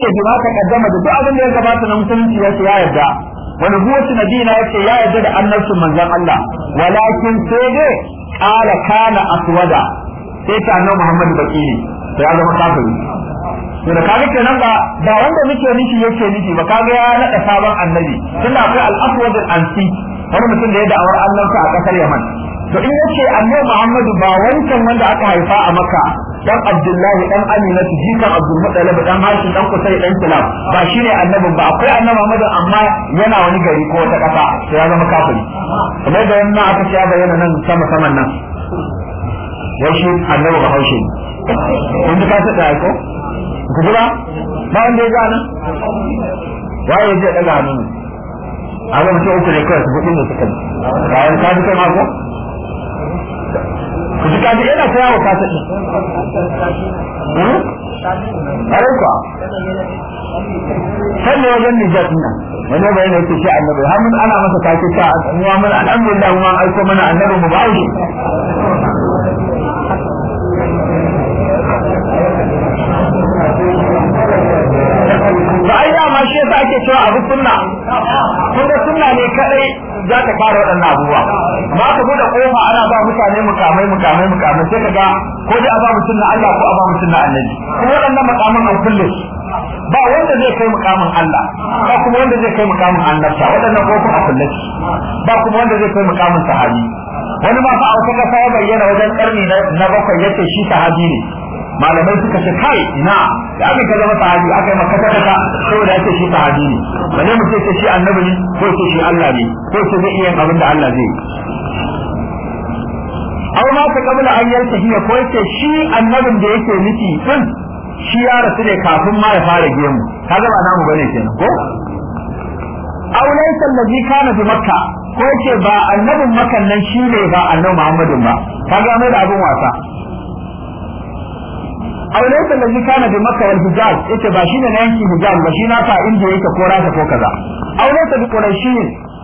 ce bi ma taqaddama da duk abin da ya gabata na musulunci ya ce ya yarda wa nubuwatu nabiyina ya ce ya yarda da annabcin manzon Allah walakin sai dai qala kana aswada sai ta annabi Muhammad bakiri sai ya zama kafiri to da kaga kenan ba ba wanda muke miki yake miki ba kaga ya nada sabon annabi tunda akwai al-aswad al-ansi wani mutum da ya da'awar annabta a kasar Yaman to in yace annabi Muhammadu ba wancan wanda aka haifa a Makka dan Abdullahi dan Amina jikan Abdul Muttalib dan Hashim dan Kusai dan Kilab ba shine annabi ba akwai annabi Muhammadu amma yana wani gari ko wata kasa to ya zama kafiri kamar da yamma aka ci yana nan sama sama nan wai annabi ba haushe kun ji ka ta aiko ku ji ba ba wanda ya gana waye ya daga hannu a ga mutum uku ne kawai su buɗin da suka yi bayan ka ji kai ma ko ji kaji yana saya wa kasa ɗin hmm? ƙarfa sannan wajen nijar nan wani bayan yake shi annabi har mun ana masa take ta muhammad alhamdulillah da an aiko mana annabi mu bawo za ta fara waɗannan abubuwa ba ka buɗe kofa ana ba mutane mukamai mukamai mukamai sai ka ga ko dai a ba Allah ko a ba annabi kuma waɗannan an kulle ba wanda zai kai mukamin Allah ba kuma wanda zai kai mukamin annabta waɗannan kofin a kulle ba kuma wanda zai kai mukamin sahabi wani ma fa a wata kasa ya bayyana wajen karni na bakwai yake shi sahabi ne malamai suka ce kai ina da aka ka zama sahabi aka yi maka kaka kaka saboda ake shi sahabi ne bane mu mutum ce shi annabi ne ko ce shi Allah ne ko ce zai iya abin da Allah zai aw ma ta kabula an yarta hiya ko ce shi annabin da yake miki din shi ya rasu ne kafin ma ya fara gemu kaga ba namu bane kenan ko aw laysa allazi kana bi makka ko ce ba annabin makan nan shi ne ba annabi Muhammadin ba kaga mai da abin wasa aw laysa allazi kana bi makka wal hijaz yace ba shine na yanki hijaz ba shi na fa inda yake ko rasha ko kaza aw laysa bi qurayshin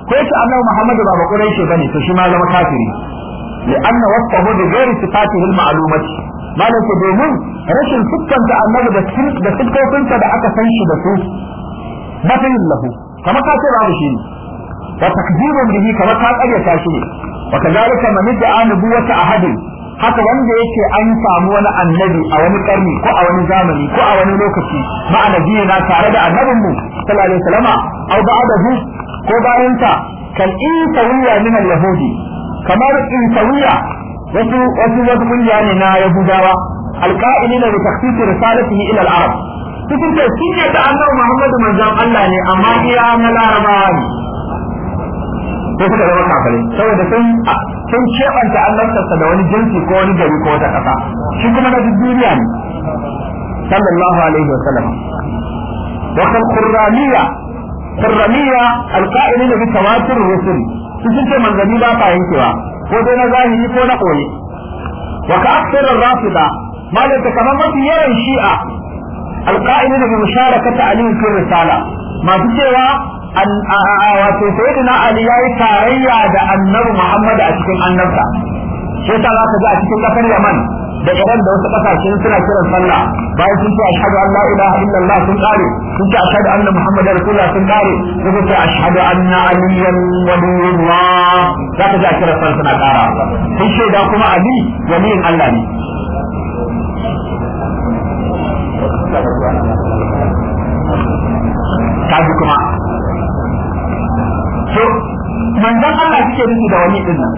ko yace annabi ba ba qurayshi to shi ma zama kafiri لأن وصفه بغير صفاته المعلومة ما لك دومين رشن سكا تأمل بسكين بسكة وكنت دعك سنش بسوس بطل له كما قاتل ta وتكذير به كما قاتل يتاشين وكذلك من ادعى نبوة أحد haka wanda yake an samu wani annabi a wani karni ko a wani zamani ko a wani lokaci ma'ana biyu na tare da annabin mu sallallahu alaihi wasallama au ko bayan ta kan insawiya min al-yahudi kamar insawiya wasu wasu wasu kungiya ne na yahudawa alqa'ilina bi takhsis risalatihi ila al-arab cikin ta shi ne da annabi Muhammadu manzon Allah ne amma iya na larabawa ne ko suka zama kafirai saboda sun sun keɓanta annabtarsa da wani jinsi ko wani gari ko wata kasa shi kuma na duniya ne sallallahu alaihi wa sallam wakal qurraniya qurraniya alqa'ilina bi tawatur rusul sun ce manzanni ba ta yankewa ko dai na zahiri ko na koyi wa ka aksara rafida malaka kamar mafi yawan shi'a alqa'ilina bi musharakati Ali fi risala masu cewa an wato sayyidina ali yayi tarayya da annabi muhammad a cikin annabta Sai ta za ka ga a cikin kasar yaman da iran da wasu kasashe suna kiran sallah bayan sun ce ashhadu an la ilaha illallah sun kare sun ce ashhadu anna muhammadar rasulullah sun kare sun ce ashhadu anna aliyan waliyullah za ka ji a kiran sallah suna kara sun da kuma ali waliyin allah ne kaji kuma to manzon Allah suke nufi da wani din nan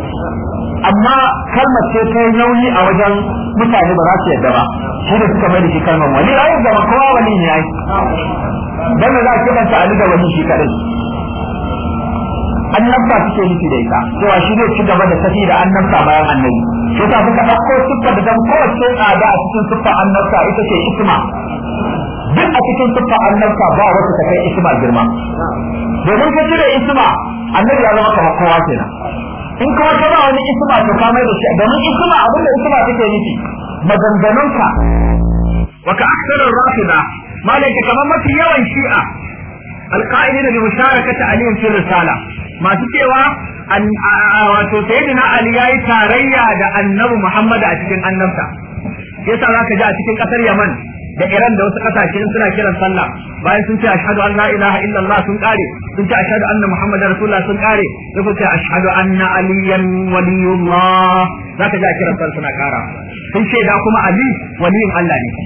amma kalmar ce ta nauyi a wajen mutane ba za su yadda ba shi da suka mai da shi kalmar wani ayi da kowa wani ne ai dan da za ki kanta ali da wani shi kadai annabta suke nufi da ita to a shi zai ci gaba da tafi da annabta bayan annabi to ta suka dauko suka da dan kowace tsada a cikin siffar annabta ita ce isma duk a cikin siffar annabta ba wata ta kai isma girma domin ka cire isma annabi ya zama kamar kowa kenan in kuma ka ba wani isma to ka mai da shi domin isma abin da isma take nufi maganganunka wa ka aksarar rafida malai ka kamar mafi yawan shi'a alqa'idin da musharakati ali fi risala masu cewa an wato sayyidina ali yayi tarayya da annabi muhammad a cikin annabta yasa zaka ji a cikin kasar yaman da Iran da wasu kasashe suna kiran sallah bayan sun ce ashhadu an la ilaha allah sun kare sun ce ashhadu anna muhammadar rasulullah sun kare sai ku ce ashhadu anna aliyan waliyullah zaka ji a kiran sallah suna kara sun ce da kuma ali waliyin Allah ne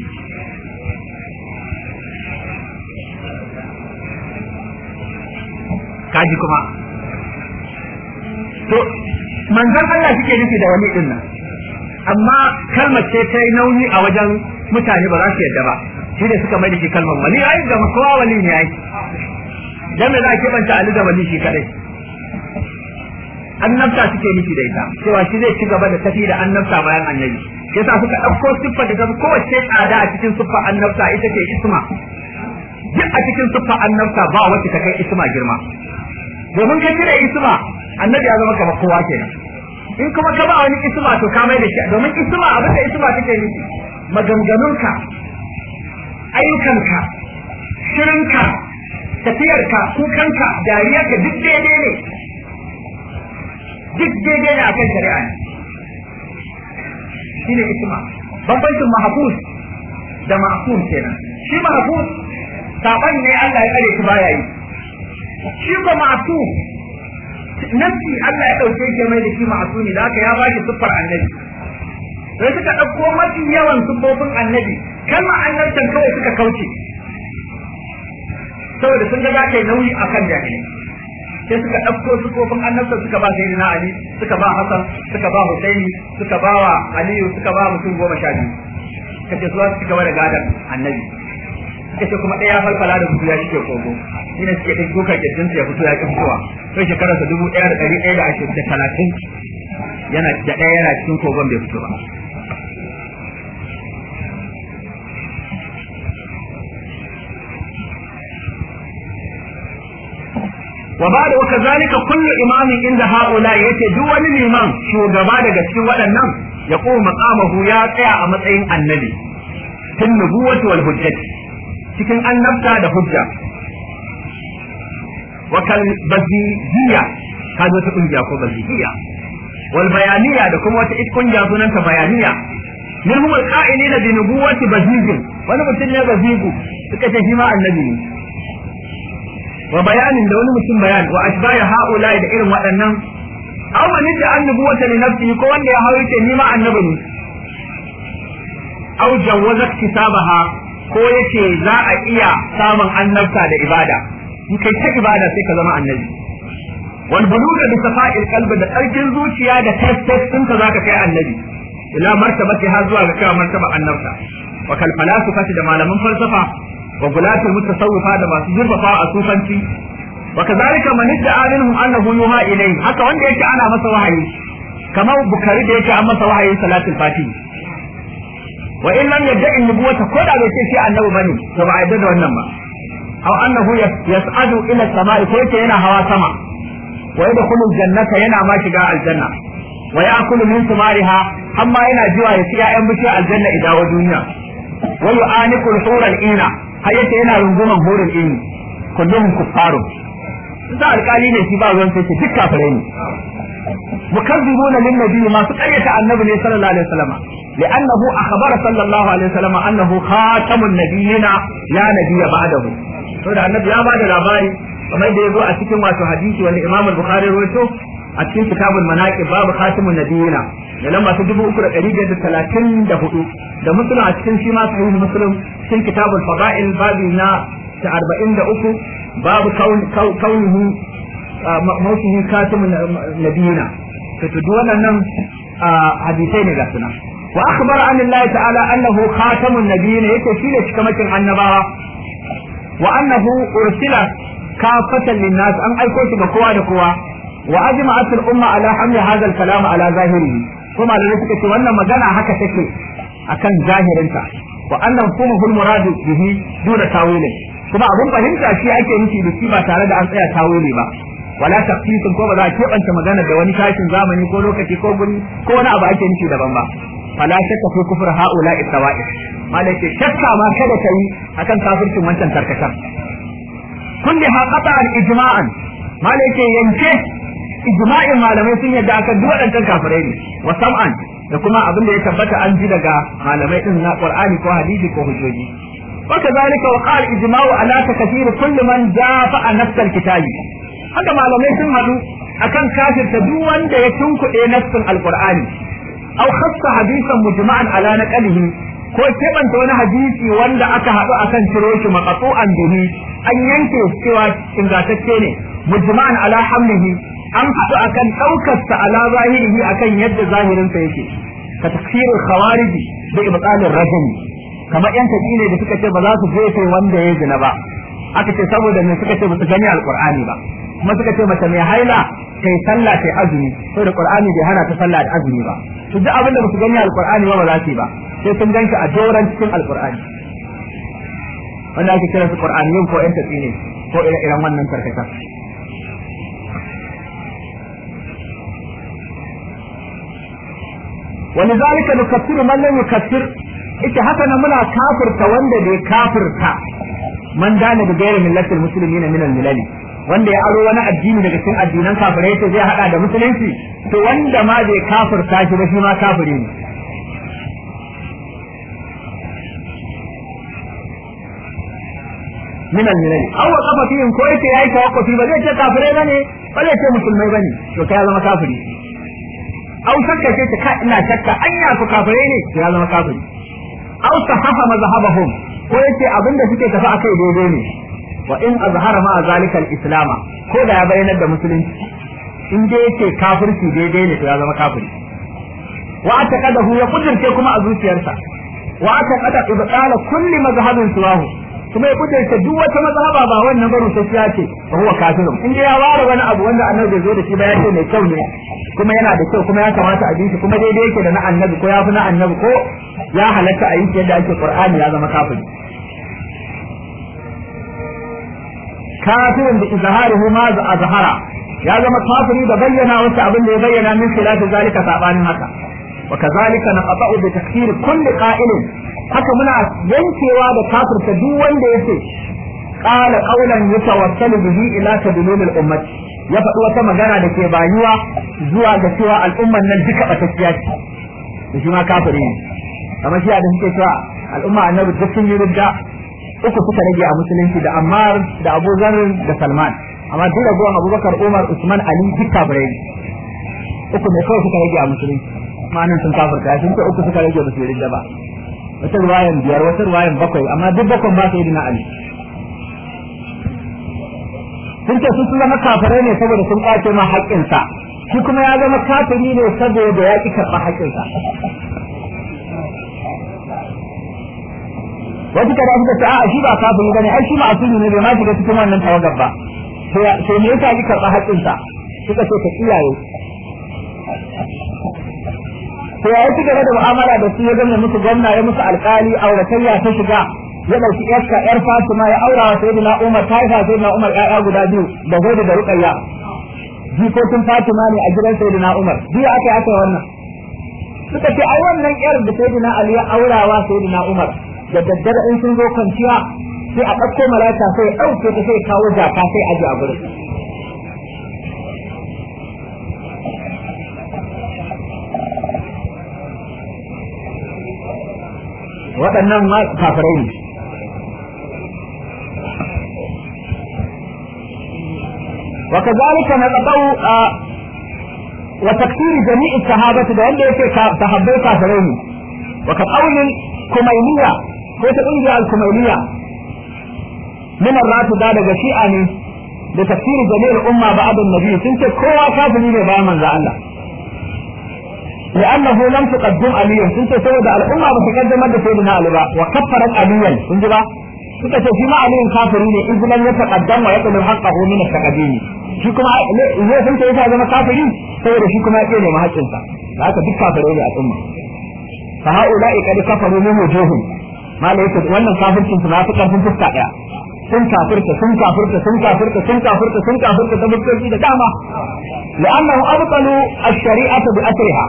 kaji kuma to manzon Allah suke nufi da wani din nan amma kalmar ce ta yi nauyi a wajen mutane ba za su yadda ba shi ne suka mai da shi kalmar wali ai da kowa wali ne ai dan me za a kebanta ali da wali shi kadai annabta suke nufi da ita cewa shi zai ci gaba da tafi da annabta bayan annabi yasa suka ɗauko siffar da ta kowace tsada a cikin siffar annabta ita ce isma duk a cikin siffar annabta ba wacce ta kai isma girma domin ka cire isma annabi ya zama kamar kowa kenan in kuma ka ba wani isma to ka mai da shi domin isma abin da isma take nufi maganganunka ayyukanka shirinka tafiyarka kukanka dariyarka duk daidai ne duk daidai ne kan shari'a ne shi ne isma bambancin mahabus da ma'asum kenan shi mahabus saban ne Allah ya tsare shi baya yi shi ba ma'asum nafi Allah ya ɗauke shi mai da shi ne da haka ya ba shi siffar annabi sai suka ɗauko mafi yawan siffofin annabi kalmar annabtan kawai suka kauce saboda sun ga za ta yi nauyi a kan jahilai sai suka ɗauko siffofin annabtan suka ba sai na ali suka ba hasan suka ba husaini suka ba wa aliyu suka ba mutum goma sha biyu kace su su gaba da gadar annabi kace kuma ɗaya falfala da mutu ya shige kogo shi ne suke kai dokar kirjin ya fito ya fitowa sai shekarar dubu ɗaya da ɗari ɗaya da ashirin da talatin yana da ɗaya yana cikin kogon bai fito ba wa ba da waka zalika kullu imamin inda haula yace duk wani liman shugaba daga cikin waɗannan ya ko maqamahu ya tsaya a matsayin annabi tun nubuwati wal cikin annabta da hujja wa kal bazijiya kazo ta kungiya ko bazijiya wal bayaniya da kuma wata kungiya sunanta bayaniya min huwa al-qa'ilina bi nubuwati bazijin wani mutum ne bazigu suka ce shi ma annabi ne wa bayanin da wani mutum bayan wa ashbaya haula da irin waɗannan aw man da annabu wata li nafsi ko wanda ya hawo ce ni ma annabi ne aw jawaza kitabaha ko yake za a iya samun annabta da ibada in kai ta ibada sai ka zama annabi wal buluga bi safa'il qalbi da karfin zuciya da test sun ka zaka kai annabi ila martabati har zuwa ga kai martaba annabta wa kal falasifa da malaman falsafa wa gulatul mutasawwifa da masu zurfafa a sufanci wa kazalika man idda'a minhum annahu yuha ilayhi haka wanda yake ana masa wahayi kamar bukari da yake an masa wahayin salatul fatihi wa in lam yadda'i nubuwata ko da bai ce shi annabi bane to ba a yadda da wannan ba aw annahu yas'adu ila samai ko yake yana hawa sama wa yadkhulu jannata yana ma shiga aljanna wa ya'kulu min ha? amma yana jiwa ya ci 'ya'yan bishiyar aljanna idan wa duniya wa yu'aniku al-hura ina har yace yana runguman horin ilmi kullum kuffaru sa alƙali ne shi ba ruwan sai ce duk kafirai ne mukazzibuna lin nabiyyi masu ƙaryata annabi ne sallallahu alaihi wasallam لأنه أخبر صلى الله عليه وسلم أنه خاتم النبيين لا نبي بعده saboda annabi ya bada labari kamar da yazo a cikin wato hadisi wanda Imam Bukhari rawaito a cikin kitabul manaqib babu khatimun nabiyina da lamba ta dubu uku da ɗari biyar da talatin da hudu da musulun a cikin shi ma sahihu musulun cikin kitabul fada'il babi na ta arba'in da uku babu kaunihu mawkihi katimun eh, nabiyina to duk waɗannan hadisai ne ga suna wa akhbar an Allah ta'ala annahu khatamun nabiyina yake shi ne cikamakin annabawa wa annahu ursila kafatan linnas an aiko shi ga kowa da kowa wa ajma'at al-umma ala hamli hadha al-kalam ala zahirihi ko malamai suka ce wannan magana haka take akan zahirinta wa annan kuma hul muradu bihi duna tawili kuma abun fahimta shi ake nufi da shi ba tare da an tsaya tawili ba wala tafsirin ko ba za a keɓanta magana da wani kashin zamani ko lokaci ko guri ko wani abu ake nufi daban ba fala shakka fi kufur haula isawa'i malaka shakka ma kada kai akan kafircin wancan tarkatan kulli ha qata al ijma'an malaka yanke ijma'in malamai sun yadda akan duk waɗancan kafirai ne wa sam'an da kuma abin da ya tabbata an ji daga malamai din na qur'ani ko hadisi ko hujjoji وكذلك وقال الاجماع على تكفير كل من دافع نفس الكتاب haka malamai sun hadu akan kafirta duk wanda ya tunkuɗe nassin alqur'ani aw khassa hadisan mujma'an ala naqlihi ko kebanta wani hadisi wanda aka haɗu akan ciro shi an bihi an yanke cewa ingantacce ne mujma'an ala hamlihi an haɗu akan ɗaukarsa ala zahirihi akan yadda zahirinsa yake ka tafsirin khawariji da ibtalin rajuli kamar yan tafi ne da suka ce ba za su sai wanda ya gina ba aka ce saboda ne suka ce ba su gani alqur'ani ba kuma suka ce mace mai haila kai sallah kai azumi sai da qur'ani bai hana ta sallah da azumi ba to duk abin da ba su gani alqur'ani ba ba za su yi ba sai sun ganka a doran cikin alqur'ani wanda ake kira su qur'aniyun ko yan tafi ne ko ire-iren wannan karkata wani zalika da kafiru man lam yukaffir ita haka muna kafirta wanda bai kafirta man dana da gairin millatil muslimina min al-milali wanda ya aro wani addini daga cikin addinan kafirai ta zai hada da musulunci to wanda ma bai kafirta shi ba shi ma kafiri ne min al-milali awwa kafa fiyin ko yake yayi tawakkufi ba zai ce kafirai bane ba zai ce musulmai ya zama kafiri au shakka ce ta kai ina shakka anya su kafare ne ya zama kafiri au sahaha mazhabahum ko yace da suke tafi a kai daidai ne wa in azhara ma zalika al ko da ya bayyana da musulunci in dai yace kafirci daidai ne to ya zama kafiri wa ataqadahu ya kudirce kuma a zuciyarsa wa ataqada ibqala kulli mazhabin suwahu kuma ya kuce ta duk wata mazhaba ba wannan bane sai ce ba huwa kafirun in ya ware wani abu wanda annabi zo da shi ba ya ce mai kyau ne kuma yana da kyau kuma ya kamata a shi kuma daidai yake da na annabi ko ya fi na annabi ko ya halatta a yi yadda ake qur'ani ya zama kafiri kafirin da izharihu ma za azhara ya zama kafiri da bayyana wasu abin da ya bayyana min khilafi zalika sabanin haka wa kazalika naqta'u da tasiri, kulli qa'ilin haka muna yankewa da kafirta duk wanda yace qala qawlan yatawassalu bihi ila tadlil al-ummah ya faɗi wata magana da ke bayuwa zuwa ga cewa al'umman nan duka batacciya ce shi ma kamar shi da suke cewa al'umma annabi duk sun yi rudda uku suka rage a musulunci da ammar da abu da salman amma duk da gowan abubakar umar usman ali duk kafirai uku ne kawai suka rage a musulunci manan sun kafirta sun ce uku suka rage ba su yarda ba wata ruwayan biyar wata ruwayan bakwai amma duk bakwai ba su yi ali sun ce sun zama kafirai ne saboda sun kwace ma haƙƙinsa shi kuma ya zama kafiri ne saboda ya ƙi karɓa haƙƙinsa wasu kada suka ce a'a shi ba kafiri bane ai shi ma'asumi ne bai ma shiga cikin wannan tawagar ba sai me yasa ki karɓa haƙƙinsa suka ce ta iyaye to ya ci gaba da mu'amala da su ya zama musu gwamna ya musu alkali auratayya ta shiga ya dauki yarka yar Fatima ya aura wa sayyidina Umar ta haifa sayyidina Umar ƴaƴa guda biyu da Hudu da Ruqayya jikokin Fatima ne a gidan sayyidina Umar biyu aka aka wannan suka ce ai wannan yar da sayyidina Ali ya aura wa sayyidina Umar da daddare in sun zo kwanciya sai a ɗauko mala'ika sai ɗauke ta sai kawo jaka sai aje a gurin waɗannan ma kafirai ne وكذلك نتبو وتكفير جميع الصحابة ده اللي يكي تحبي كافرين وكقول الكمينية كيف انجا الكمينية من الرات ده ده شيئا لتكفير جميع الأمة بعد النبي سنت كوا كافرين بقى من الله لأنه لم تقدم عليا كنت سيد الأمة بتقدم مادة سيدنا علي با وكفرت عليا كنت با suka ce shi ma aliyun kafiri ne in kuma ya taqaddama ya kullu haqqahu min at-taqaddimi shi kuma ne sun ce yasa zama kafiri saboda shi kuma yake ne mahaƙin sa haka duk kafirai ne a umma fa haula'i qad wannan kafircin su na fi karfin sun kafirta sun kafirta sun kafirta sun kafirta sun kafirta ta bukkoki da dama la'annahu abtalu ash-shari'ata bi asriha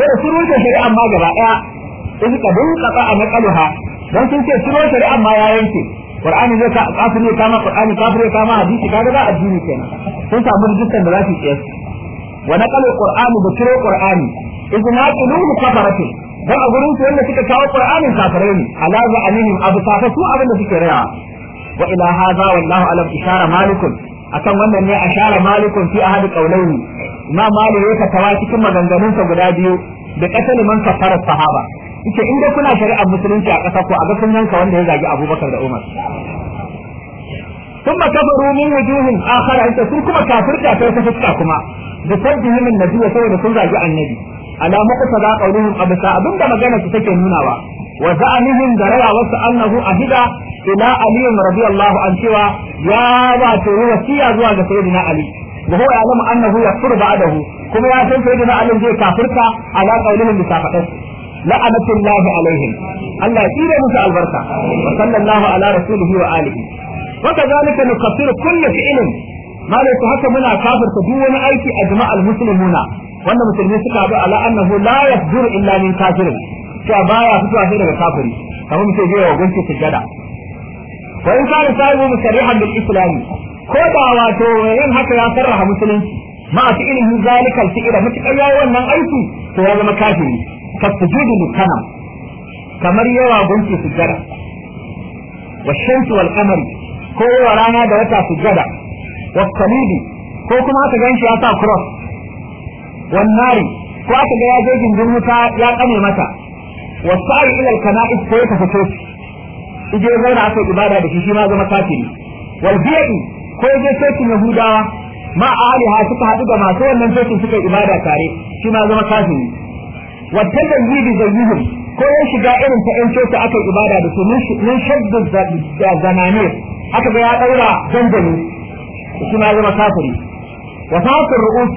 sai da surun shari'a ma gaba daya in ka dun kafa a nakaluha dan sun ce surun shari'a ma ya yanke qur'ani zai ka kafiri ya kama qur'ani kafiri ya kama hadisi kaga ba addini kenan sun samu dukkan da za su yi wa naqalu qur'ani bi suru qur'ani idan naqalu kafarati dan a gurin su yanda suka kawo qur'anin kafare ne alaza za'anihim abu kafa su abin da suke rayawa wa ila hadha wallahu alam malikun akan wannan ne ashara malikun fi ahadi qawlaini imam malik ya tawa cikin maganganunsa guda biyu da kasal man kafara sahaba yace inda kuna shari'ar musulunci a ƙasa ko a ga kun yanka wanda ya zagi abubakar da umar ثم كفروا من وجوه اخر انت kuma. كافرت اكو كفتا كما بسببهم النبي saboda sun zagi annabi ala muqtada qawluhum abisa abinda magana su take nunawa wa za'anihim da raya wasu annahu ahida ila ali radiyallahu an cewa ya ba ta yi wasiya zuwa ga na ali wa huwa ya'lamu annahu yakfuru ba'dahu kuma ya san na ali zai kafirta ala qawlihim bi kafatasu la'anatullahi alaihim Allah ya tsire musu albarka wa sallallahu ala rasulihi wa alihi وكذلك نكفر كل فعل ما ليس هكا منا كافر تدون أيكي أجماع المسلمون وأن المسلمين سكابوا على أنه لا يفجر إلا من كافر cewa baya fitowa sai daga kafiri kamar mutum zai wa gunki sujjada wa in kana sahibu musarrihan bil islami ko da wato yin haka ya sarraha musulunci ma fi ilmin zalikal fi'ila mutakar wannan aiki to ya zama kafiri ka sujudu kana. kamar yawa gunki sujjada wa shamsu wal qamari ko yawa rana da wata sujjada wa salidi ko kuma aka ganshi ya sa cross wannan ko aka ga ya je gindin wuta ya kame mata والسعي الى الكنائس كيف تتوفي ije ya zauna aka ibada da shi shi ma zama kafiri wal bi'i ko je sai yahuda ma a hali ha suka hadu da masu wannan sai suka ibada tare shi ma zama kafiri wa tadalli bi zayyihum ko ya shiga irin ta 'yan coci aka ibada da su mun shaddu da zamane aka ga ya daura dangane shi ma zama kafiri wa fasir ru'us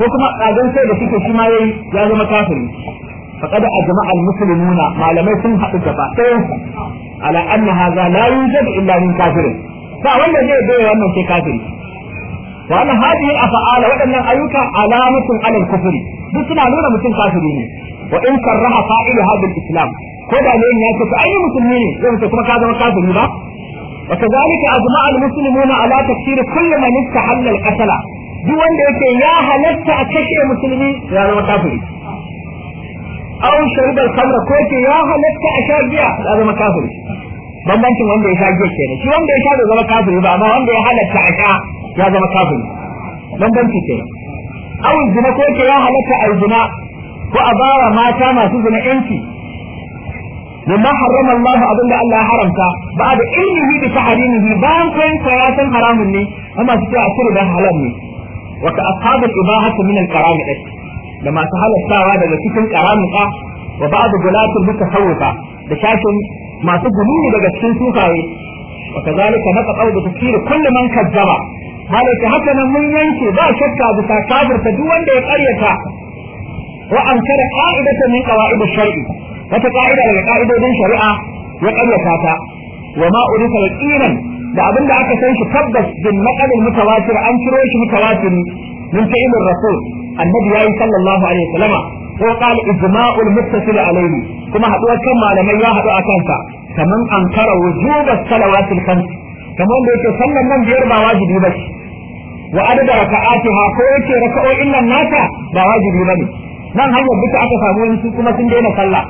ko kuma ɗazan sai da suke shi ma ya zama kafiri فقد أجمع المسلمون ما لم يكن حق التفاقين على أن هذا لا يوجد إلا من كافر فأولا جاء بيه وأنه في كافر وأن هذه الأفعال وأن أيوك علامة على الكفر بسنا نورا مثل كافرين وإن كره فائل هذا الإسلام كذا لين يأتي أي مسلمين يوم تكون كذا وكافر لا وكذلك أجمع المسلمون على تكفير كل من استحل القتل دون ذلك يا هلت أكشف مسلمين يا يعني كافرين aw shariba al-khamra ko ke ya halatta a sha giya da zama kafiri bambancin wanda ya sha giya kenan shi wanda ya sha da zama kafiri ba amma wanda ya halatta a sha ya zama kafiri bambanci kenan aw zina ko ke ya halatta a zina ko a bawa mata masu zina yanci mimma harrama Allah abin da Allah ya haramta ba da ilmihi bi tahrimihi bayan kun ya san haramun ne amma su ce a cire da halal ne wa ka ashabul ibahatu min al-karamati da masu halastawa daga cikin karamuka wa ba'du gulatul mutasawwifa da shashin masu gumi daga cikin sufaye wa kazalika naqaw bi tafsir kulli man kazzaba malaka haka nan mun yanke ba shakka bisa kafirta duk wanda ya karyata wa ankara qa'idatan min qawa'id shari wata qa'ida daga ƙa'idodin shari'a ya karyata ta wa ma da yaqinan da abinda aka san shi tabbas bin naqal mutawatir an ciro shi mutawatiri من فعل الرسول النبي صلى الله عليه وسلم وقال إجماع المتصل عليه كما هدوا كما لما يهدوا أكانتا كمن أنكر وجوب الصلوات الخمس كمن بيت صلى من بيربع واجب يبش وعدد ركعاتها كويتي ركعوا إلا الناس لا واجب يبني nan hanyar duka aka samu wasu kuma sun daina sallah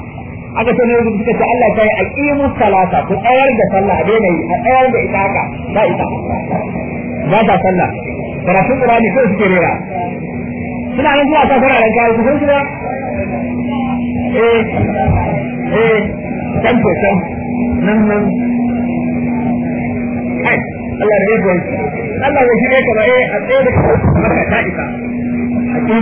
aka ce ne suka ce Allah ta yi aqimu salata ku tsayar da sallah a daina yi a tsayar da ita haka ba ita ba ta sallah karatun Qur'ani kai suke rera suna nan zuwa ta fara ranka su san eh eh ko nan nan Allah Allah ya eh a tsaye da maka ta isa a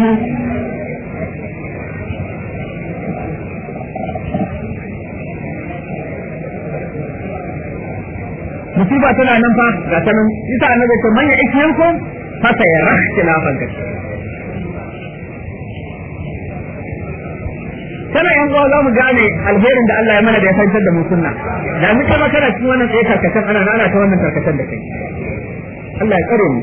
musiba tana nan fa ga ta nan isa annabi ikiyanku fasa ya rashi lafan ka kana yan uwa za mu gane alherin da Allah ya mana da ya fahimtar da mu sunna da mu kama kana cikin wannan tsaye karkashin ana nana ta wannan karkashin da kai Allah ya tsare mu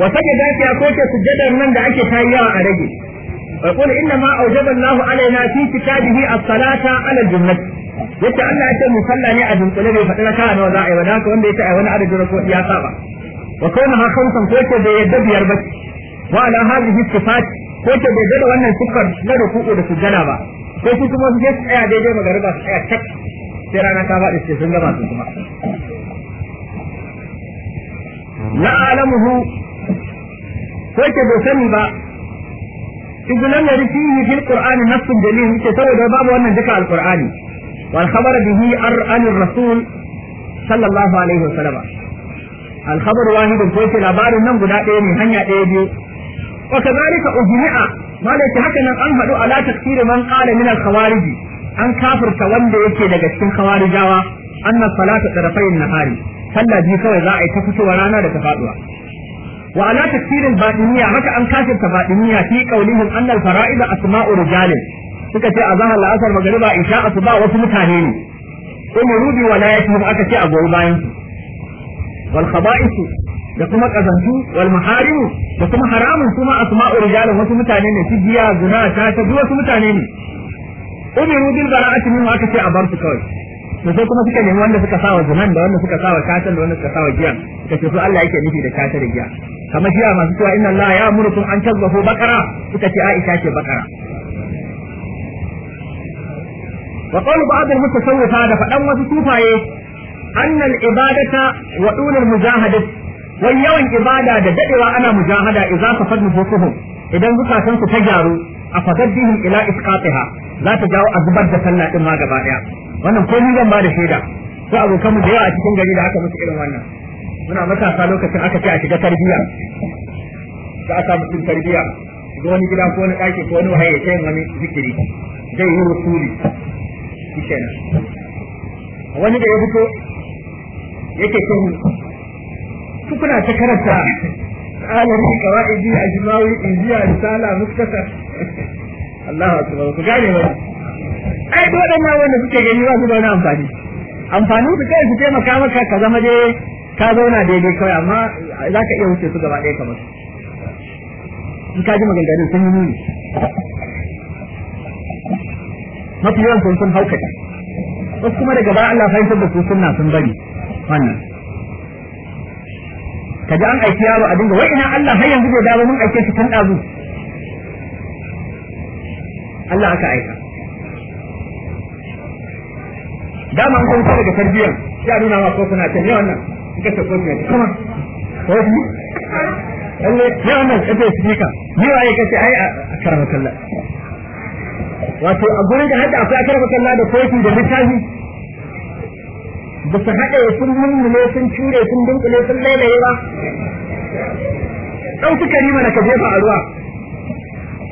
wa sake dafiya ko ce sujjadar nan da ake tayi yawa a rage fa qul inda ma a awjaba Allahu alaina fi kitabihi as-salata ala al-jannati yace Allah ya ce musalla ne a dunkule bai faɗi raka'a nawa za a yi ba haka wanda yace a wani adadin rako ya saba wa kana ha khamsan ko yace bai yadda biyar ba wa ala hadhihi sifat ko yace bai yadda wannan sifar na ruku'u da sujjada ba ko su kuma su je su tsaya daidai magariba su tsaya tak sai rana ta faɗi sai sun gama su kuma la alamuhu ko yace bai sani ba إذ لم يرد فيه في القرآن نص جليل كتاب باب وأن ذكر القرآن والخبر به عن الرسول صلى الله عليه وسلم الخبر واحد كويس الأبار نم قد أتيني هنيا أتيني وكذلك أجمع ما ليس هكذا أنفدوا على تكثير من قال من الخوارج أن كافر تولي يكي لجسين خوارجاوا أن الصلاة طرفي النهار صلى بي كوي زاعي تفتو ورانا لتفاقوا وعلى تكثير الباطنية هكا أن كافر تباطنية في قولهم أن الفرائض أسماء رجال suka ce a zahar la'asar magariba isha asuba wasu mutane ne kuma rubi wa layatihim aka ce a goyi bayan su wal khaba'isu da kuma kazantu wal maharimu da kuma haramun kuma asma'u rijalin wasu mutane ne su biya guna ta ta wasu mutane ne umiru bil bara'ati min aka ce a bar su kawai to sai kuma suka nemi wanda suka sawa zunan da wanda suka sawa katan da wanda suka sawa giya suka ce su Allah yake nufi da kata da giya kamar giya masu cewa inna Allah ya amurukum an tazbahu bakara suka ce Aisha ce bakara wa qawl ba'd al-mutasawwifa da faɗan wasu tufaye. Annan al-ibadata wa dun wai yawan ibada da daɗewa ana mujahada idza tafaddu fusuhum idan zukatan su ta gyaru a fadaddihim ila isqatiha za ta jawo a zubar da sallah din ma gaba daya wannan ko ni zan ba da shaida ko abokan mu da yawa a cikin gari da aka musu irin wannan muna matasa lokacin aka ce a shiga tarbiyya da aka mutum tarbiyya wani gida ko wani ɗaki ko wani wahaye sai wani zikiri zai yi rusuli shikenan wani da ya fito yake cewa su kuna ta karanta a alami kawaidi ajmawi iziya risala muktasar Allahu akbar ku gane ba ai waɗannan wanda suke gani ba su da wani amfani amfanin su kai su taimaka maka ka zama dai ka zauna daidai kawai amma za ka iya wuce su gaba ɗaya kamar in ka ji maganganun sun yi nuni mafi yawan sun sun haukata wasu kuma daga baya Allah fahimtar da su sunna sun bari wannan kaji an aiki yaro a dinga wai ina Allah har yanzu bai dawo mun aike shi tun dazu Allah aka aika dama an kuma daga tarbiyyar ya nuna wa ko kuna ce ne wannan kika ce ko ne kuma ko ne lalle ne wannan kace shi ka ne waye kace ai a karamar kallon wato a gurin da haka akwai akwai makalla da kofi da littafi ba su haɗe sun ne sun cire sun dunkule sun lailaye ba ɗau suka rima da ka jefa a ruwa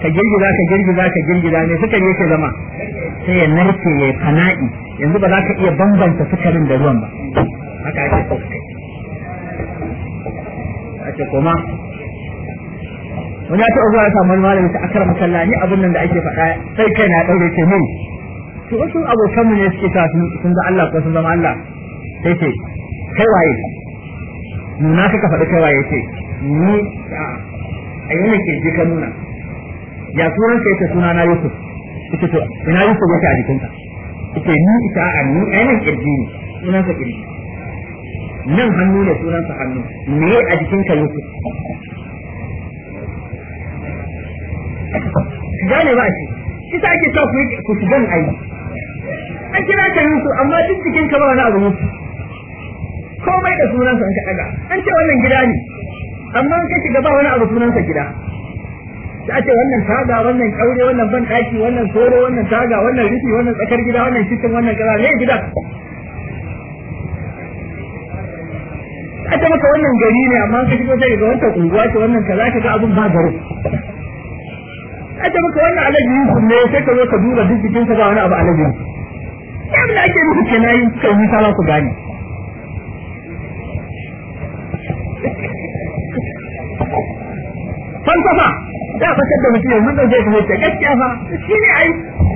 ka girgiza ka girgiza ka girgiza ne suka yake zama sai ya narke ya fana'i yanzu ba za ka iya bambanta sukarin da ruwan ba haka ake so ake wani ya taɓa zuwa ya samu malami ta akar makalla ni abin nan da ake faɗa sai kai na ɗaure ke mun to wasu mu ne suke sa sun ga Allah ko sun zama Allah sai ce kai waye nuna kaka faɗi kai waye ce ni a yi ke je ka nuna ya turan sai ta suna na Yusuf ita to ina Yusuf yake a jikinka ita ni ita a ni ainihin kirji ne sunan sa kirji nan hannu ne sunan sa hannu me a jikinka Yusuf gane ba shi shi sa ake sa ku shi shigan aiki. an kira ka su amma duk cikin ka ba wani abu musu komai da sunansa an ka daga an ce wannan gida ne amma an kace gaba ba wani abu sunansa gida ta ce wannan taga wannan kaure wannan ban daki wannan soro wannan taga wannan rufi wannan tsakar gida wannan cikin wannan kaza ne gida ta maka wannan gari ne amma an ka ko sai ga wannan unguwa ce wannan kaza ka ga abun ba garo aka maka wannan alaji yusuf ne sai ka zo ka duba duk jikin ka ga wani abu alaji yusuf da ake ke kenan yi kan yi sala ku gane falsafa da fasar da mutum yanzu zai kuma ce gaskiya fa shi ne ai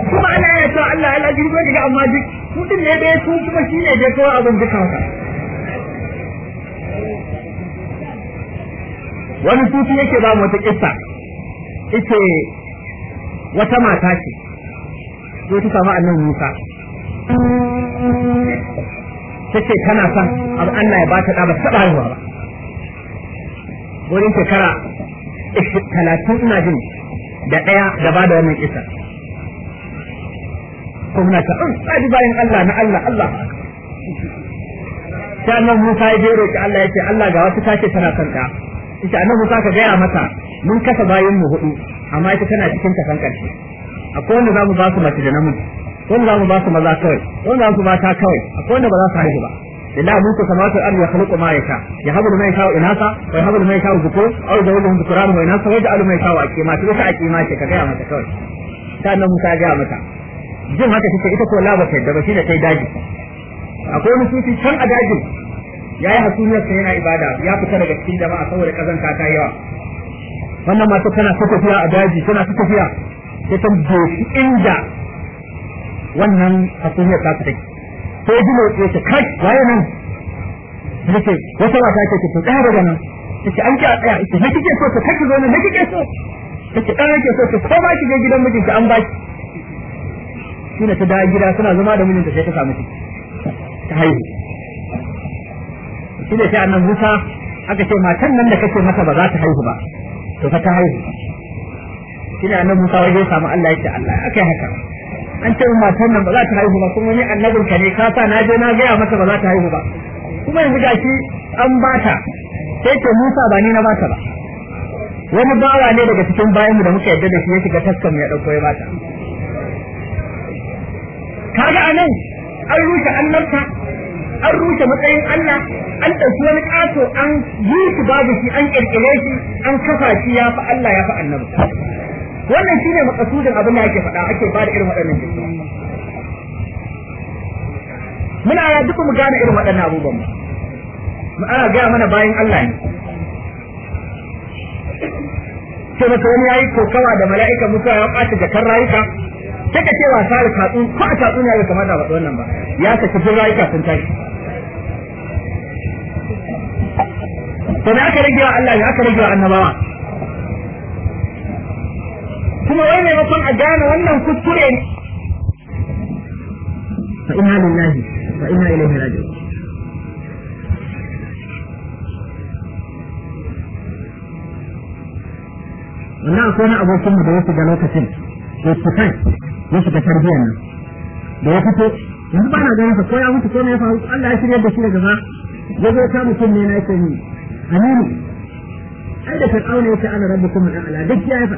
kuma ana ya cewa Allah ya lajiri ko daga amma duk mutum ne da ya su kuma shi ne da ya kawo abin duka haka wani tutu yake ba mu wata kissa ita wata mata ce ko ta samu annabi Musa ta ce tana son abu Allah ya bata da ba taba haihuwa ba wurin shekara talatin ina jin da ɗaya da ba da wannan kisa ko muna ta tsadi ah, bayan Allah na Allah Allah sai annabi Musa ya je roƙi Allah ya ce Allah ga wasu tace tana son ta ita nan Musa ka gaya mata mun kasa bayan mu hudu amma ita tana cikin kasan karshe akwai wanda zamu ba su mace da namiji wanda zamu ba su maza kawai wanda zamu ba ta kawai akwai wanda ba za su haihu ba لله ملك السماوات والارض يخلق Ya Habu يهب لمن يشاء اناثا ويهب لمن يشاء الذكور او يزوج لهم ذكران واناثا ويجعل من يشاء عقيما تبقى عقيما ce ka gaya mata kawai sannan Musa ya gaya mata jin haka take ita ko la ta da bashi da kai daji akwai mutunci can a dajin yayi hasumiyar sa yana ibada ya fita daga cikin jama'a saboda kazanta ta yawa wannan mata tana ta tafiya a daji tana ta tafiya ta ta doki inda wannan hasumiyar ta ta take sai ji mai tsaye kai waye nan nake wata mata ce ta tsaya daga nan take an ki a tsaya ita na kike so ta kake zo ne na kike so take dan yake so ta koma ki je gidan mijinki an ba baki shine ta dawo gida suna zama da mijinta sai ta samu ta haihu shine sai annan Musa aka ce matan nan da kake mata ba za ta haihu ba to fa ta haihu nan mun Musa waje samu Allah yake Allah akai haka an ce matan nan ba za ta haihu ba kuma ni annabin ka ne ka sa na je na gaya mata ba za ta haihu ba kuma yanzu shi an bata sai ce Musa ba ni na bata ba wani bawa ne daga cikin bayan mu da muka yadda da shi ya shiga taskan ya dauko ya bata kaga anan an rushe annabta an rushe matsayin Allah an ɗauki wani ƙato an yi shi babu shi an ƙirƙire shi an kafa shi ya fi Allah ya fi annabi wannan shine makasudin abin da ake faɗa ake ba da irin waɗannan jinsu muna ya duk mu gane irin waɗannan abubuwan mu ana gaya mana bayan Allah ne sai mata wani yayi kokawa da mala'ika mutuwa ya ɓata jakar rayuka sai ka ce wasa da tatsun ko a tatsun ya kamata ba wannan ba ya saki jin rayuka sun tashi to aka rage wa Allah ne aka rage wa annabawa kuma wai maimakon a gane wannan kuskure ne fa inna lillahi wa inna ilaihi raji'un wannan akwai wani abokin mu da wasu ga lokacin ya fita ya shiga tarbiyyar nan da ya fito yanzu ba na ganin sa ko ya mutu ko ne ya faru Allah ya shirya da shi daga ba ya zo ta mutum ne na yake ni hanani ai da fir'auna yace ana rabbukum al'ala duk ya faɗa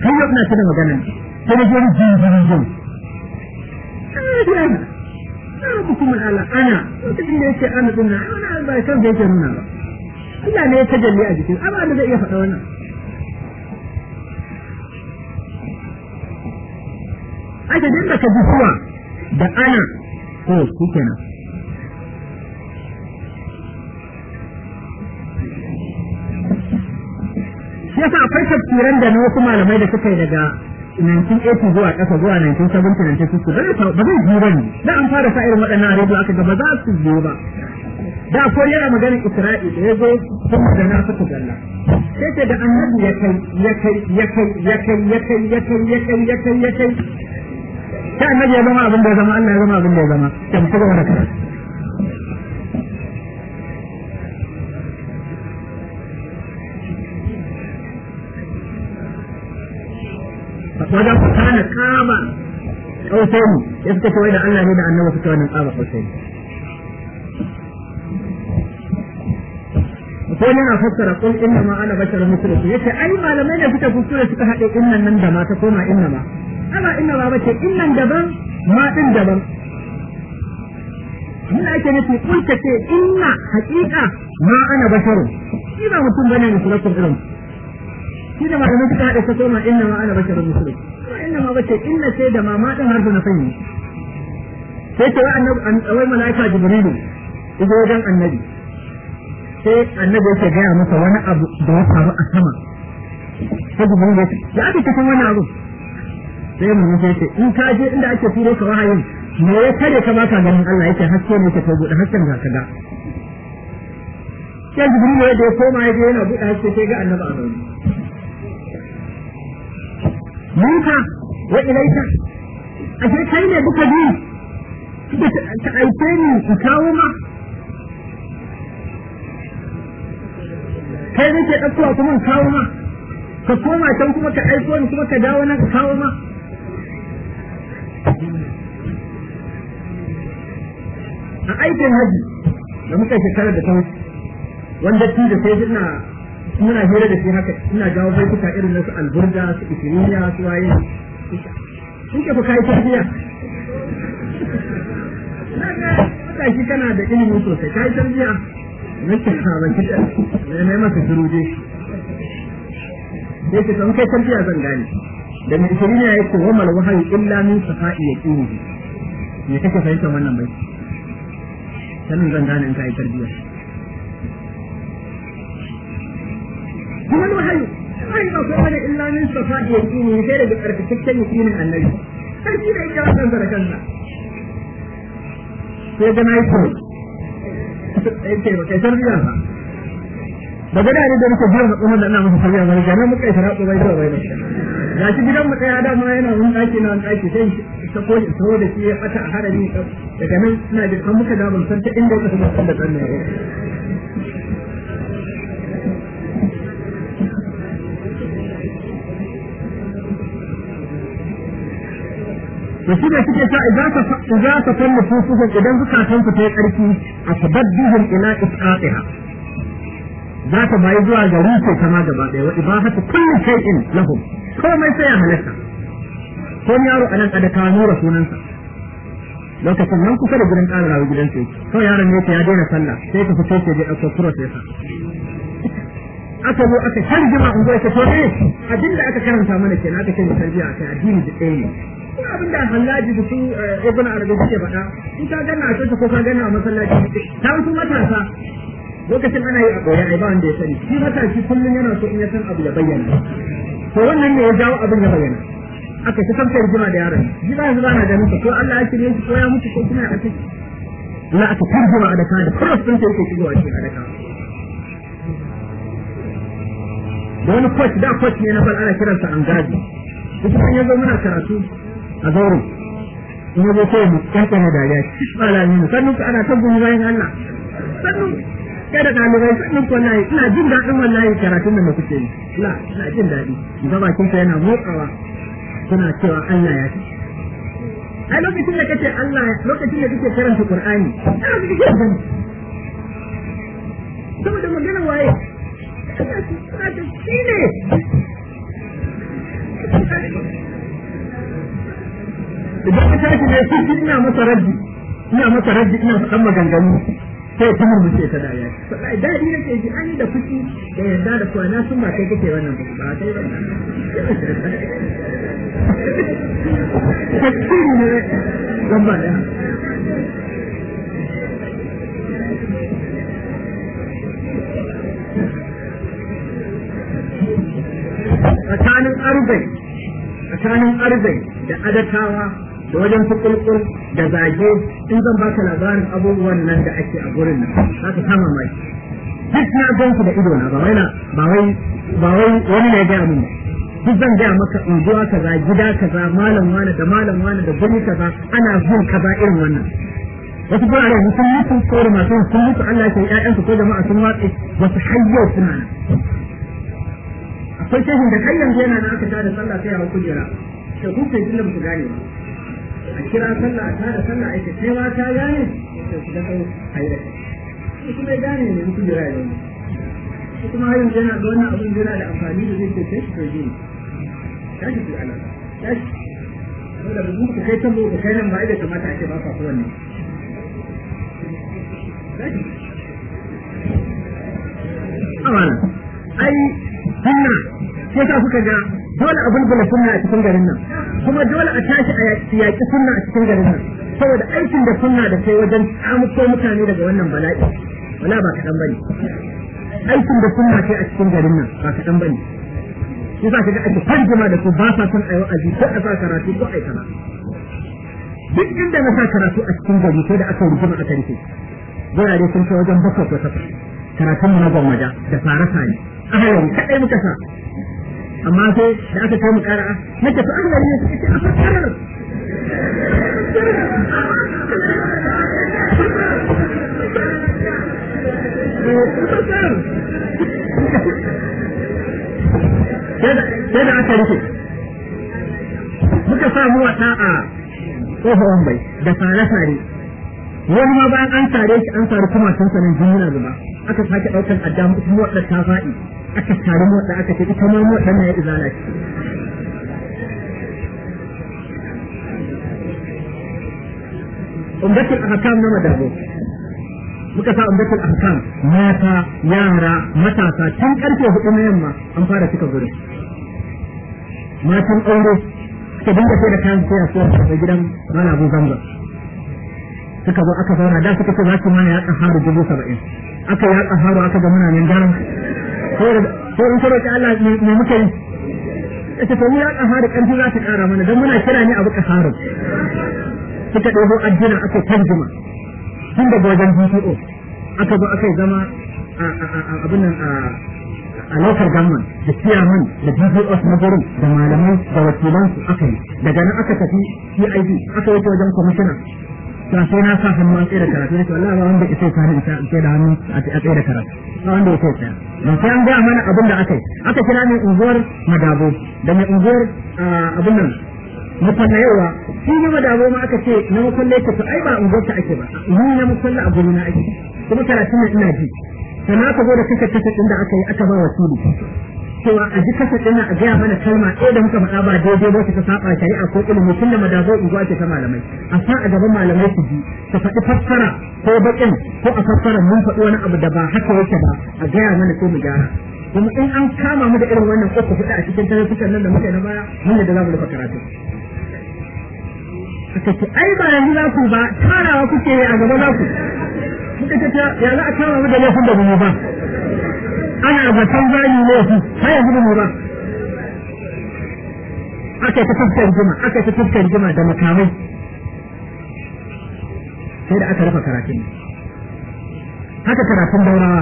kai yau ina tuna magana sai da jin jin jin jin rabbukum al'ala ana lokacin da yace ana dinna ana ba kan da yake nuna ba Allah ne ya tajalli a jikin amma da zai iya faɗa wannan aka dinda ka da ana ko shi kenan shi yasa akwai tafsiran da na wasu malamai da suka yi daga 1980 zuwa ƙasa zuwa 1970 ba zai yi ba ne da an fara sa irin waɗannan rediyo aka ga ba za su zo ba da akwai yana magana Isra'il da ya zo sun da na suka galla sai ta da annabi ya kai ya kai ya kai ya kai ya kai ya kai ya kai ya kai ya kai ta annabi ya zama abin da ya zama Allah ya zama abin da ya zama ta mutu ga wajen kana kama kausaini ya suka ce wai da Allah ne da annabi suka wannan kama kausaini ko ne na fassara kul inna ma ana bashar Ya ce ai malamai ne suka fuskura suka haɗe innan nan da mata ta koma inna ma ana inna ma bace innan daban ma din daban mun ake nufi kul ce inna haqiqa ma ana basharun ina mutum bane musulmi irin shi da malamin suka haɗe ta koma inna ma ana bashar musulun inna ma bace inna sai da ma matan har na sani sai ce wa annabi wai malaika jibrilu ido wajen annabi sai annabi yake gaya masa wani abu da ya faru a sama sai jibrilu ya ce ya ake kasan wani abu sai mu sai ce in ka je inda ake furo ka wahayin me ya kare ka ba ka ganin Allah yake haske ne ka bude hasken za ka ga sai jibrilu ya je koma ya je yana buɗe haske sai ga annabi a zaune منك kuka ta aike ni ku kawo ma kai nake ɗaukowa kuma kawo ma ka koma can kuma ka aiko ni kuma ka dawo nan kawo ma a aikin haji da muka shekarar da ta wuce wanda tun da sai na. muna hira da shi haka ina jawo baituka irin nasu alburda su isiriya su waye sun ke baka yi tarbiyya na shi kana da ilimi sosai ka yi tarbiyya na ke kama shi da na masa suruje sai ke san kai tarbiyya zan gane da mai isiriya ya ce wa malwahan illa min safa'i ya kihu ne kake fahimtar wannan bai sanin zan gane in ka yi tarbiyya kuma wahayi ai ba ko wani illa min safa ya kini sai da karfitaccen yakinin annabi sarki da yake kan da kansa sai da nayi ko sai ce ba kai sarki ba daga da ne da biyar biyan kuma da ina musu sarki ba ga nan muka yi sarki bai da bai ga shi gidan mu tsaya da ma yana wani daki na wani daki sai ta koyi tsoro da shi ya fata a harami daga nan ina da kan muka da ban san ta inda ka san da tsanne to shi ne suke sa za ka sanna fusuhum idan zukatan su ta yi karfi asbaddihum ina isqatiha za ka bayi zuwa ga rufe kama gaba daya wa ibahatu kulli shay'in lahum komai sai ya halatta ko yaro anan adaka nura sunansa lokacin nan kusa da gidan ƙara rawa gidan sai Ko yaron ne ya daina sallah sai ka fito ko je ɗauko kuro sai aka zo aka har jima in ka to ne abin da aka karanta mana kenan aka ce mutarbiya akai addini da ɗaya ne kuma abin da hallaji da su eh, ibn arabi suke faɗa in ka gana a ko ka gana a masallaci ta wasu matasa lokacin ana yi a koya ai ba wanda ya sani shi matashi kullum yana so in ya san abu ya bayyana to wannan ne ya jawo abin ya bayyana aka ta kamta rigima da yaron shi ba yanzu bana ganin ko Allah ya shirye shi ko ya mutu ko kuma ya ake na aka tarjuma a da daka da cross din ta yake shigowa cikin adaka da wani coach da coach ne na fara kiransa an gaji duk an yazo muna karatu a zauro in yi zai mu kankana dariya shi ne sannan ku ana tabbun bayan Allah sannan kai da dalibai sannan ku wallahi ina jin daɗin wallahi karatun da kuke yi ina ina jin daɗi ga bakin ka yana motsawa kana cewa Allah ya ci a lokacin da kace Allah lokacin da kake karanta Qur'ani kana kike daɗi. saboda magana waye idan ka tashi ne shi ina masa raddi ina masa raddi ina faɗan maganganu sai ta nake ji da kuki da yarda da kwana sun ba kai kake wannan ba ba kai ba tafsiri ne da tsakanin arzai da adatawa da wajen fukulkul da zage in zan ba ka labarin abubuwan nan da ake a gurin nan za ka kama mai duk na gan su da ido na ba wai ba wai ba wai wani ne ga mun duk zan gaya maka unguwa kaza gida kaza malam wani da malam wani da guri kaza ana zuwa kaza irin wannan wasu gurare sun mutu ko da masu sun mutu Allah ya yi ƴaƴansu ko jama'a sun watsi wasu hayyau suna nan sai shehin da kai yanzu yana nan aka ta sallah sai ya kujera to ku sai tunda ba ku gane ba a kira sallah a tada sallah ake sai ma ta gane to shi da kai haira shi kuma gane ne ku kujera yau? shi kuma har yanzu yana ga wannan abin jira da amfani da zai ce sai shi to ji ta ji ku ala ta ji wanda da ku kai tambo ku kai nan ba da kamata ake ba ka kowanne Amana, ai, hannun sai ka kuka ga dole abin da sunna a cikin garin nan kuma dole a tashi a yaƙi sunna a cikin garin nan saboda aikin da sunna da sai wajen tsamuko mutane daga wannan bala'i wala ba kaɗan bane aikin da sunna sai a cikin garin nan ba kaɗan bane shi za ka ga ake farjima da su ba sa son a yi wa'azi ko a sa karatu ko a yi karatu duk inda na sa karatu a cikin gari sai da aka rigima aka rufe gurare sun kai wajen bakwai ko takwas karatun mu na gwamnati da fara sani a hayan kaɗai muka sa amma sai da aka kai mu kara na tafi an gari ne suka ce a fakarar sai da aka rufe muka samu wata a tsohon bai da fare-fare wani ma bayan an tare shi an tare kuma sun sanin jini na zuba aka sake ɗaukar adam kuma da ta faɗi aka tare mu da aka ce ita ma mu dan ya izala ce umbatul ahkam na madabo muka sa umbatul ahkam mata yara matasa tun karfe hudu na yamma an fara cika gudu. matan aure suka dinga sai da kayan sai a suwa a gidan mana abu zamba suka zo aka zauna da suka ce za su mana yaƙa haru dubu saba'in aka yaƙa haru aka ga muna nan garan ko in kare ta Allah ne muke yi ita to mu ya kafa da kanti za ta kara mana dan muna kira ne abu kafarin suka dogo addina aka tanjuma tun daga wajen BTO aka zo aka zama abin nan a lokar gamman da ciyaman da DPOs na garin da malamai da wakilansu aka yi daga nan aka tafi CID aka yi wajen kwamishina ta sai na sa hannu a tsaye da karatu ne to Allah ba wanda yake sa ni ta da hannu a tsaye da karatu ba wanda yake tsaya ba sai an ga mana abin da aka yi aka kira ni unguwar madabo da mai unguwar abin nan mafanayewa shi ne madabo ma aka ce na makulle ka to ai ba unguwar ta ake ba ni na musalle a gurin na ake kuma karatu ne ina ji na aka zo da kake kake inda aka yi aka ba wasili cewa a ji kasa ɗin a gaya mana kalma ɗaya da muka faɗa ba daidai ba ta saba shari'a ko ilimi da madazo in ake ta malamai a sa a gaban malamai su ji ta faɗi fassara ko baƙin ko a fassara mun faɗi wani abu da ba haka yake ba a gaya mana ko mu gyara kuma in an kama mu da irin wannan ko ku fita a cikin tarihisukan nan da muke na baya mun da za mu rufe karatu aka ce ai ba yanzu za ku ba tarawa kuke a gaba za ku suka ce ya za a kama mu da laifin da mu ba ana zaton zani ne shi har yanzu mu ba aka ta tafkar jima aka ta tafkar jima da makamai sai da aka rufe karatun haka karatun daurawa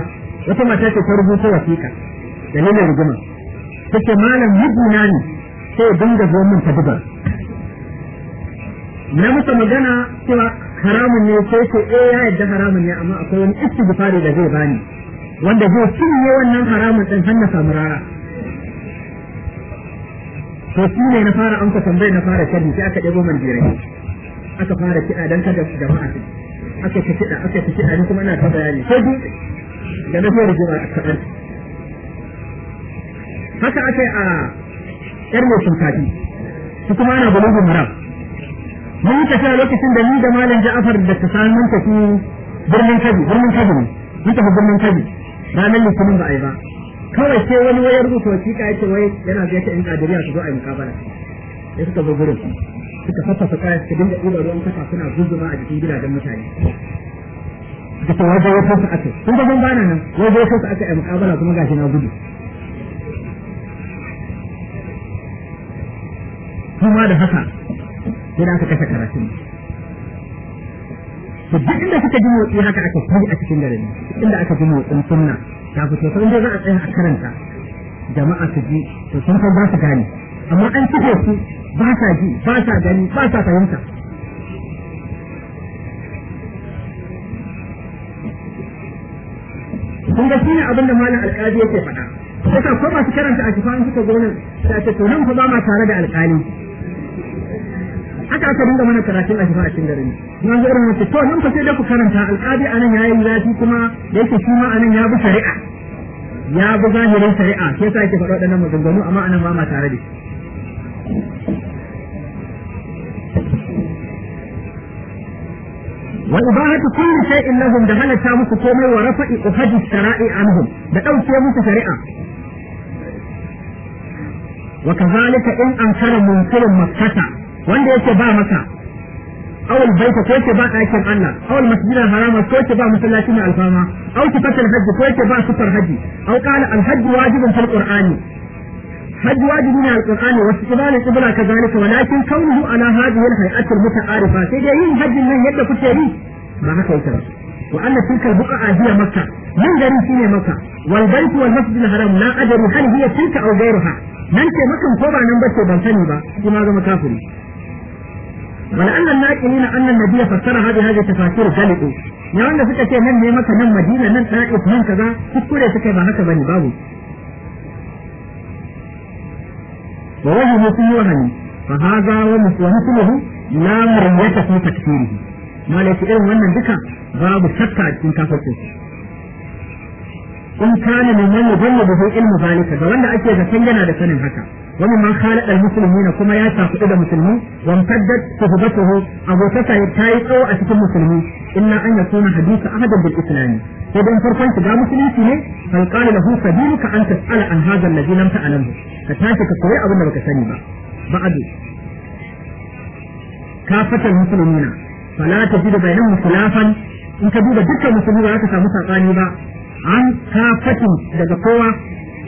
wata mata ce ta rubuta wasiƙa da nuna rigima take malam mijina ne sai dinga zo min ta dubar na musa magana cewa haramun ne sai ce eh ya yadda haramun ne amma akwai wani istighfari da zai bani wanda zai cinye wannan haramun ɗin har na samu rara to shi ne na fara an bai na fara shari sai aka ɗebo manjirai aka fara kiɗa don kada jama'a su aka fi kiɗa aka fi kiɗa ni kuma ina ta bayani sai duk da na fara jira a kaɗan haka aka a ƴar mai shinkafi su kuma ana bulugun maram mun yi tafiya lokacin da ni da malam ja'afar da ta samun tafi birnin kabi birnin kabi ne mun tafi birnin kabi ranar litinin ba a yi ba kawai sai wani wayar rubuta wasiƙa ya wai yana ga ta in kadiriya su zo a yi mukabala ya suka zo gurin suka fafafa kaya suka dinga ɗiba ruwan kasa suna guzuma a jikin gidajen mutane da ta wajen wasu su ake sun ga ban bana nan wajen wasu su ake a mukabala kuma gashi na gudu kuma da haka sai da aka kashe karatun da duk inda suka ji motsi haka aka fi a cikin garin inda aka ji motsin sunna ta fito to inda za a tsaya a karanta jama'a su ji to sun san ba su gane amma an cike su ba sa ji ba sa gani ba sa fahimta kun ga shine abin da malam alƙali yake faɗa saka ko ba su karanta a an suka gonan sai a ce to nan fa ba ma tare da alƙali haka aka dinga mana karatun a shifa a cikin garin na ga irin to nan ku sai da ku karanta alƙadi anan yayi zafi kuma da yake shi ma anan ya bi shari'a ya bi zahirin shari'a sai yasa yake faɗa waɗannan maganganu amma anan ba ma tare da shi وإباحة كل شيء لهم دخل تامك كومي ورفع أحد الشرائع عنهم دقوا سيامك شريعة وكذلك إن أنكر منكر makkata. wanda yake ba maka awal baita ko yake ba ɗakin Allah awal masu harama ko yake ba masallaci mai alfama aw sifatul hajji ko yake ba sifar hajji aw qala al hajji wajibun fil qur'ani hajji wajibi ne alqur'ani wasu ibana qibla kadhalika walakin kaunuhu ala hadhihi al hay'ati al muta'arifa sai dai yin hajjin nan yadda kuke yi ba haka yake ba wa anna tilka al buqa'a hiya makkah nan garin shine makkah wal bayt wal masjid haram la ajru hal hiya tilka aw ghayruha nan ce makan ko ba nan bace ban sani ba kuma zama kafiri wani an nan naƙi nuna an nan na biya fassara hajji hajji ta fasiru galibu ne wanda suka ce nan ne maka nan madina nan ɗaya ɗaya nan kaza kuskure suka ba haka bane babu. wa wani mutum yi wahani fa haza wa mutumahu la muryata fi tafsirihi malaki irin wannan duka babu shakka cikin kafofin in kana mimman yudallu bihi ilmu zalika ga wanda ake zaton yana da sanin haka wani man khalaqa almuslimina kuma ya tafi da musulmi wa mtaddat suhbatuhu abotaka ta yi tsawo a cikin musulmi inna an yakuna hadithu ahadan bil islam sai dan farkon shiga musulunci ne fal qala lahu sabiluka an tas'ala an hadha alladhi lam ta'lam ka tashi ka koyi abin da baka sani ba ba'du kafatal muslimina fala tajidu bainahum khilafan in ka duba dukkan musulmi ba za ka samu sakani ba an kafatin daga kowa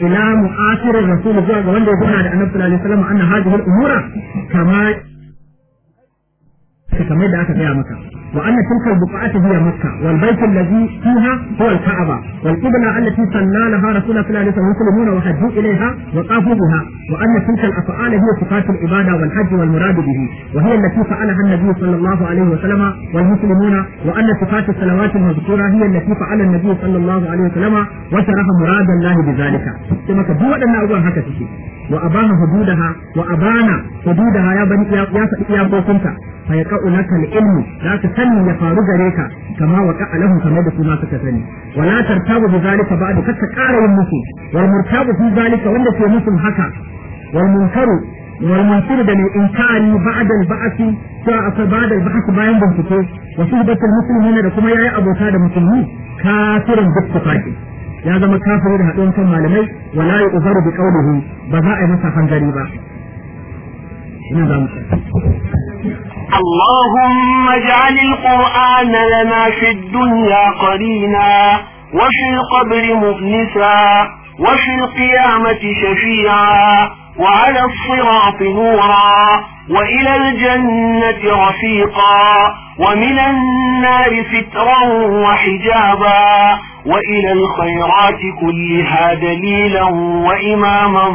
ila mu'asirin rasul zuwa ga wanda ya zauna da annabi sallallahu alaihi wasallam anna hadhihi al-umura kama kamar da aka gaya maka وأن تلك البقعة هي مكة والبيت الذي فيها هو الكعبة والقبلة التي صلى لها رسول الله صلى الله عليه وسلم المسلمون وحجوا إليها وطافوا بها وأن تلك الأفعال هي صفات العبادة والحج والمراد به وهي التي فعلها النبي صلى الله عليه وسلم والمسلمون وأن صفات الصلوات المذكورة هي التي فعل النبي صلى الله عليه وسلم وشرح مراد الله بذلك كما كبوا أن أول هكذا وأبان حدودها وأبان حدودها يا بني يا يا بوكنتا فيقع لك العلم لا تسأل sani ya faru gare ka kama wa alahu kamar da su ma suka sani wala tartabu bi zalika ba'du da kaka ƙara yin musu wal murtabu fi zalika wanda ke musu haka wal munkaru wal munkaru da mai inkari ba'da al ba'si ko aka ba'da al ba'si bayan bincike wa suhbatul muslimina da kuma yayi abota da musulmi kafirin duk kafiri ya zama kafiri da haɗuwar kan malamai wala ya uzaru bi qawlihi ba za a yi masa hangari ba ina اللهم اجعل القرآن لنا في الدنيا قرينا وفي القبر مؤنسا وفي القيامة شفيعا وعلى الصراط نورا وإلى الجنة رفيقا ومن النار فترا وحجابا وإلى الخيرات كلها دليلا وإماما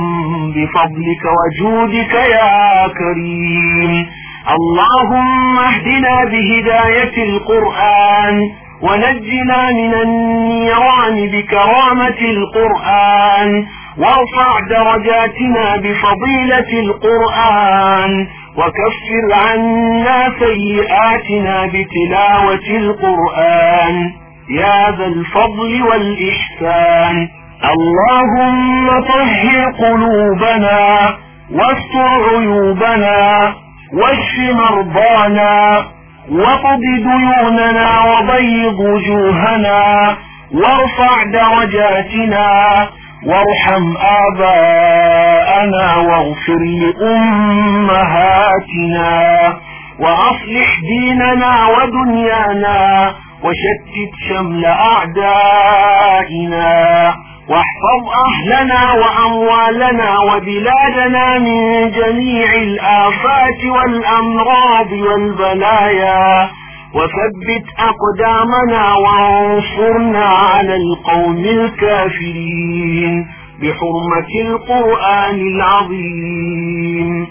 بفضلك وجودك يا كريم اللهم اهدنا بهداية القرآن ونجنا من النيران بكرامة القرآن وارفع درجاتنا بفضيلة القرآن وكفر عنا سيئاتنا بتلاوة القرآن يا ذا الفضل والإحسان اللهم طهر قلوبنا واستر عيوبنا واشف مرضانا واقض ديوننا وضيق وجوهنا وارفع درجاتنا وارحم آباءنا واغفر لأمهاتنا وأصلح ديننا ودنيانا وشتت شمل أعدائنا واحفظ أهلنا وأموالنا وبلادنا من جميع الآفات والأمراض والبلايا وثبت أقدامنا وانصرنا على القوم الكافرين بحرمة القرآن العظيم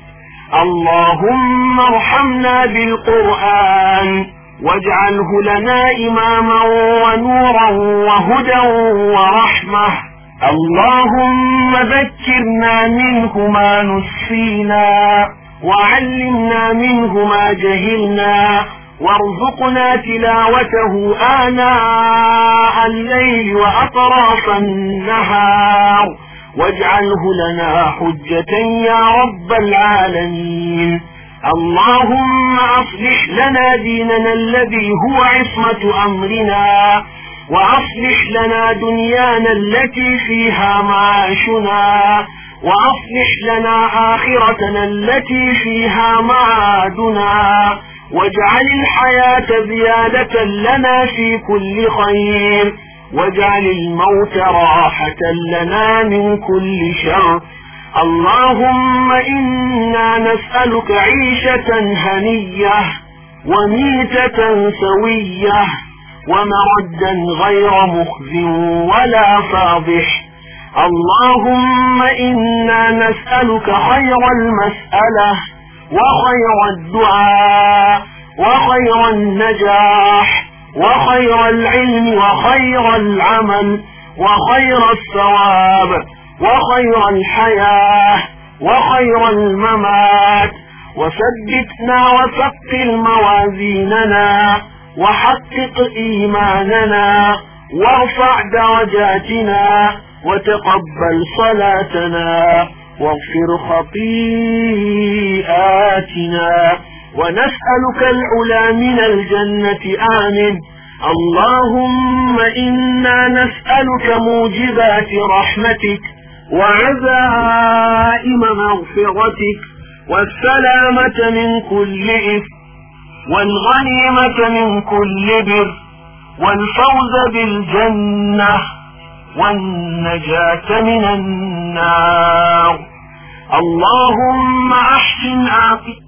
اللهم ارحمنا بالقرآن واجعله لنا إماما ونورا وهدى ورحمة اللهم ذكرنا منه ما نسينا وعلمنا منه ما جهلنا وارزقنا تلاوته آناء الليل وأطراف النهار واجعله لنا حجة يا رب العالمين اللهم أصلح لنا ديننا الذي هو عصمة أمرنا وأصلح لنا دنيانا التي فيها معاشنا وأصلح لنا آخرتنا التي فيها معادنا واجعل الحياة زيادة لنا في كل خير واجعل الموت راحة لنا من كل شر اللهم إنا نسألك عيشة هنية وميتة سوية ومعدا غير مخزي ولا فاضح اللهم إنا نسألك خير المسألة وخير الدعاء وخير النجاح وخير العلم وخير العمل وخير الثواب وخير الحياة وخير الممات وثبتنا وثقل موازيننا وحقق إيماننا وارفع درجاتنا وتقبل صلاتنا واغفر خطيئاتنا ونسألك العلا من الجنة آمن اللهم إنا نسألك موجبات رحمتك وعزائم مغفرتك والسلامة من كل إثم والغنيمة من كل بر والفوز بالجنة والنجاة من النار اللهم أحسن عاقبتك